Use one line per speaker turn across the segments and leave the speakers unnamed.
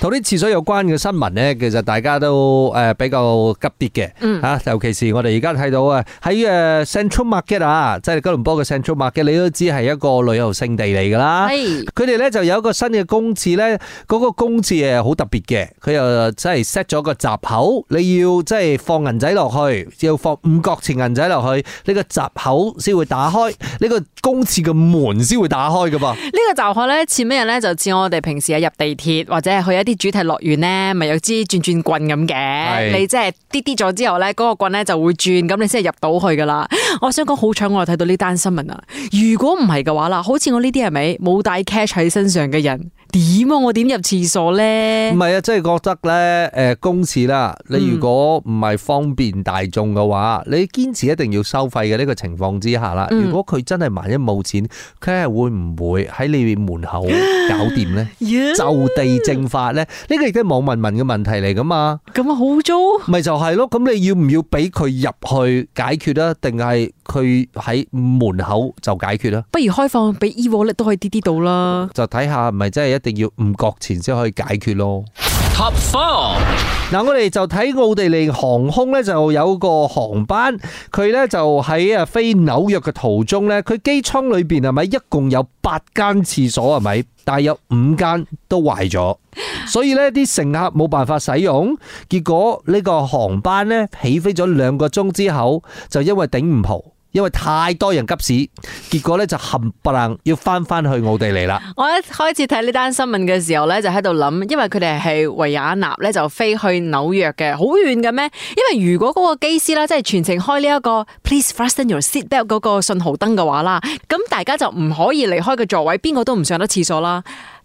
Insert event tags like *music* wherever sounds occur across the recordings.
同啲廁所有關嘅新聞咧，其實大家都誒比較急啲嘅，吓、嗯嗯、尤其是我哋而家睇到啊喺誒 Central Market 啊，即係吉隆坡嘅 Central Market，你都知係一個旅遊勝地嚟噶啦。係佢哋咧就有一個新嘅公廁咧，嗰、那個公廁誒好特別嘅，佢又即係 set 咗個閘口，你要即係放銀仔落去，要放五角錢銀仔落去，呢、這個閘口先會打開，呢、這個公廁嘅門先會打開噶噃。個
閘呢個閘口咧似咩咧？就似我哋平時入地鐵或者係去一啲。啲主題樂園咧，咪有支轉轉棍咁嘅，是的 你即係跌跌咗之後咧，嗰、那個棍咧就會轉，咁你先係入到去噶啦。我想講好彩，我又睇到呢單新聞啊！如果唔係嘅話啦，好似我呢啲係咪冇帶 cash 喺身上嘅人？點啊！我點入廁所咧？
唔係啊，即係覺得咧，誒、呃，公廁啦，你如果唔係方便大眾嘅話，嗯、你堅持一定要收費嘅呢個情況之下啦。如果佢真係萬一冇錢，佢係會唔會喺你門口搞掂咧？ *laughs* Yeah 就地正法咧？呢、呢個亦都係網民問嘅問題嚟噶嘛？咁啊，好污糟！咪就係咯，咁你要唔要俾佢入去解決啊？定係佢喺門口就解決啊？
不如開放俾 e-wallet 都可以啲啲到啦。
就睇下係咪真係一。一定要五角錢先可以解決咯。Top four，嗱我哋就睇奧地利航空咧，就有個航班，佢咧就喺啊飛紐約嘅途中咧，佢機艙裏邊係咪一共有八間廁所係咪？但係有五間都壞咗，所以咧啲乘客冇辦法使用，結果呢個航班咧起飛咗兩個鐘之後，就因為頂唔順。因為太多人急屎，結果咧就冚唪唥要返返去奧地利啦。
我一開始睇呢單新聞嘅時候咧，就喺度諗，因為佢哋係維也納咧就飛去紐約嘅，好遠嘅咩？因為如果嗰個機師啦，即係全程開呢、這、一個 Please fasten your seat belt 嗰、那個信號燈嘅話啦，咁大家就唔可以離開個座位，邊個都唔上得廁所啦。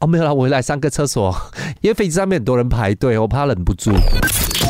哦，沒有啦，我回來上個廁所，因為飛機上面很多人排隊，我怕忍不住。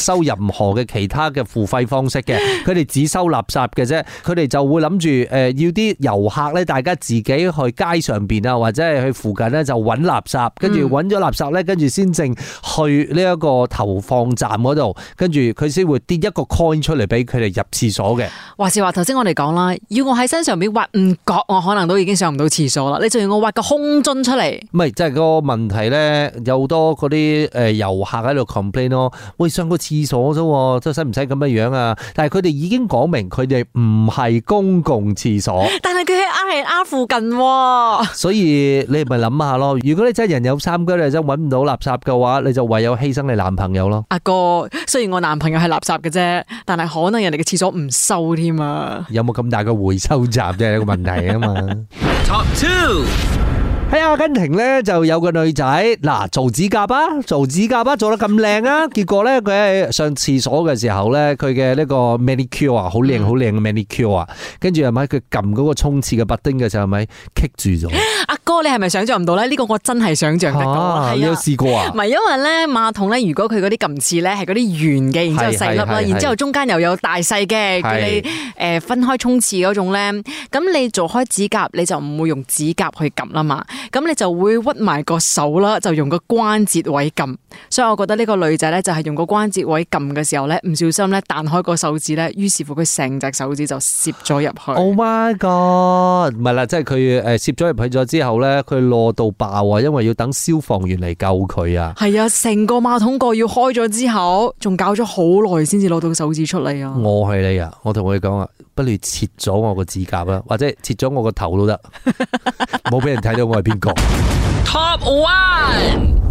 收任何嘅其他嘅付費方式嘅，佢哋只收垃圾嘅啫。佢哋就會諗住誒要啲遊客咧，大家自己去街上邊啊，或者係去附近咧就揾垃圾，跟住揾咗垃圾咧，跟住先正去呢一個投放站度，跟住佢先會跌一個 coin 出嚟俾佢哋入廁所嘅。
話是話頭先我哋講啦，要我喺身上邊挖唔覺，我可能都已經上唔到廁所啦。你仲要我挖個空樽出嚟？
唔係，即係個問題咧，有多啲誒遊客喺度 complain 咯。喂，上個廁。廁所啫，即係使唔使咁嘅樣啊？但係佢哋已經講明佢哋唔係公共廁所，
但係佢喺 I R 附近，
所以你咪諗下咯。如果你真係人有三急，你真係揾唔到垃圾嘅話，你就唯有犧牲你男朋友咯。
阿哥，雖然我男朋友係垃圾嘅啫，但係可能人哋嘅廁所唔收添啊。
有冇咁大嘅回收站，即係一個問題啊嘛。Top Two. 喺、hey，阿根廷咧，就有個女仔，嗱，做指甲啊，做指甲啊，做得咁靚啊，結果咧，佢喺上廁所嘅時候咧，佢嘅呢個 manicure 啊，好靚好靚嘅 manicure 啊，跟住係咪佢撳嗰個沖廁嘅 button 嘅時候，係咪棘住咗？
你係咪想像唔到咧？呢、呢個我真係想像得到，係啊，有、啊、
試過啊。唔
係因為咧，馬桶咧，如果佢嗰啲撳掣咧係嗰啲圓嘅，然之後細粒啦，是是是是然之後中間又有大細嘅，是是是小的你誒分開沖廁嗰種咧。咁是是 你做開指甲，你就唔會用指甲去撳啦嘛。咁你就會屈埋個手啦，就用個關節位撳。所以我覺得呢個女仔咧，就係用個關節位撳嘅時候咧，唔小心咧彈開個手指咧，於是乎佢成隻手指就攝咗入去。
Oh my god！唔係啦，即係佢誒攝咗入去咗之後咧。佢落到爆啊！因為要等消防員嚟救佢啊！
係啊，成個馬桶蓋要開咗之後，仲搞咗好耐
先至攞到手指出嚟啊！我係你啊！我同佢講啊，不如切咗我個指甲啦，或者切咗我個頭都得，冇俾 *laughs* 人睇到我係邊個。 *laughs* Top
one。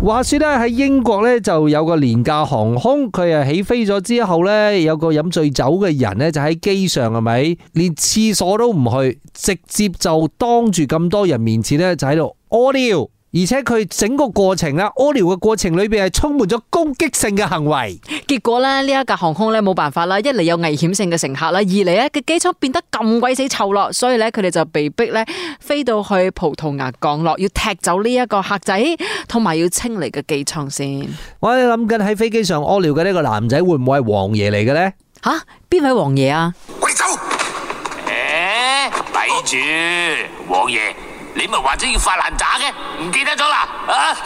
話說咧，喺英國咧，就有個廉價航空，佢啊，起飛咗之後咧，有個飲醉酒嘅人咧，就喺機上係咪連廁所都唔去，直接就當住咁多人面前咧，就喺度屙尿。而且佢整個過程啊，屙尿嘅過程裏邊係充滿咗攻擊性嘅行為。結果
咧，呢一架航空咧冇辦法啦，一嚟有危險性嘅乘客啦，二嚟咧個機艙變得咁鬼死臭落。所以咧佢哋就被逼咧飛到去葡萄牙降落，要踢走呢一個客仔，同埋要清理個機艙先。
我哋諗緊喺飛機上屙尿嘅呢個男仔，會唔會係王爺嚟嘅咧？吓、啊，邊位王爺啊？鬼走！誒、欸，抵住、啊、王爺。你咪話咗要發爛渣嘅，唔記得咗啦，啊！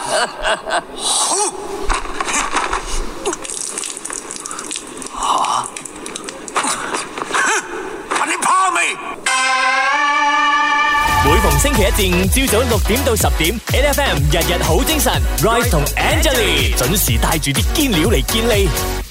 吓，吓你怕未？
每逢星期一至五，朝早六點到十點，NFM 日日好精神
，Rise 同 Angelina 準時帶住啲堅料嚟見你。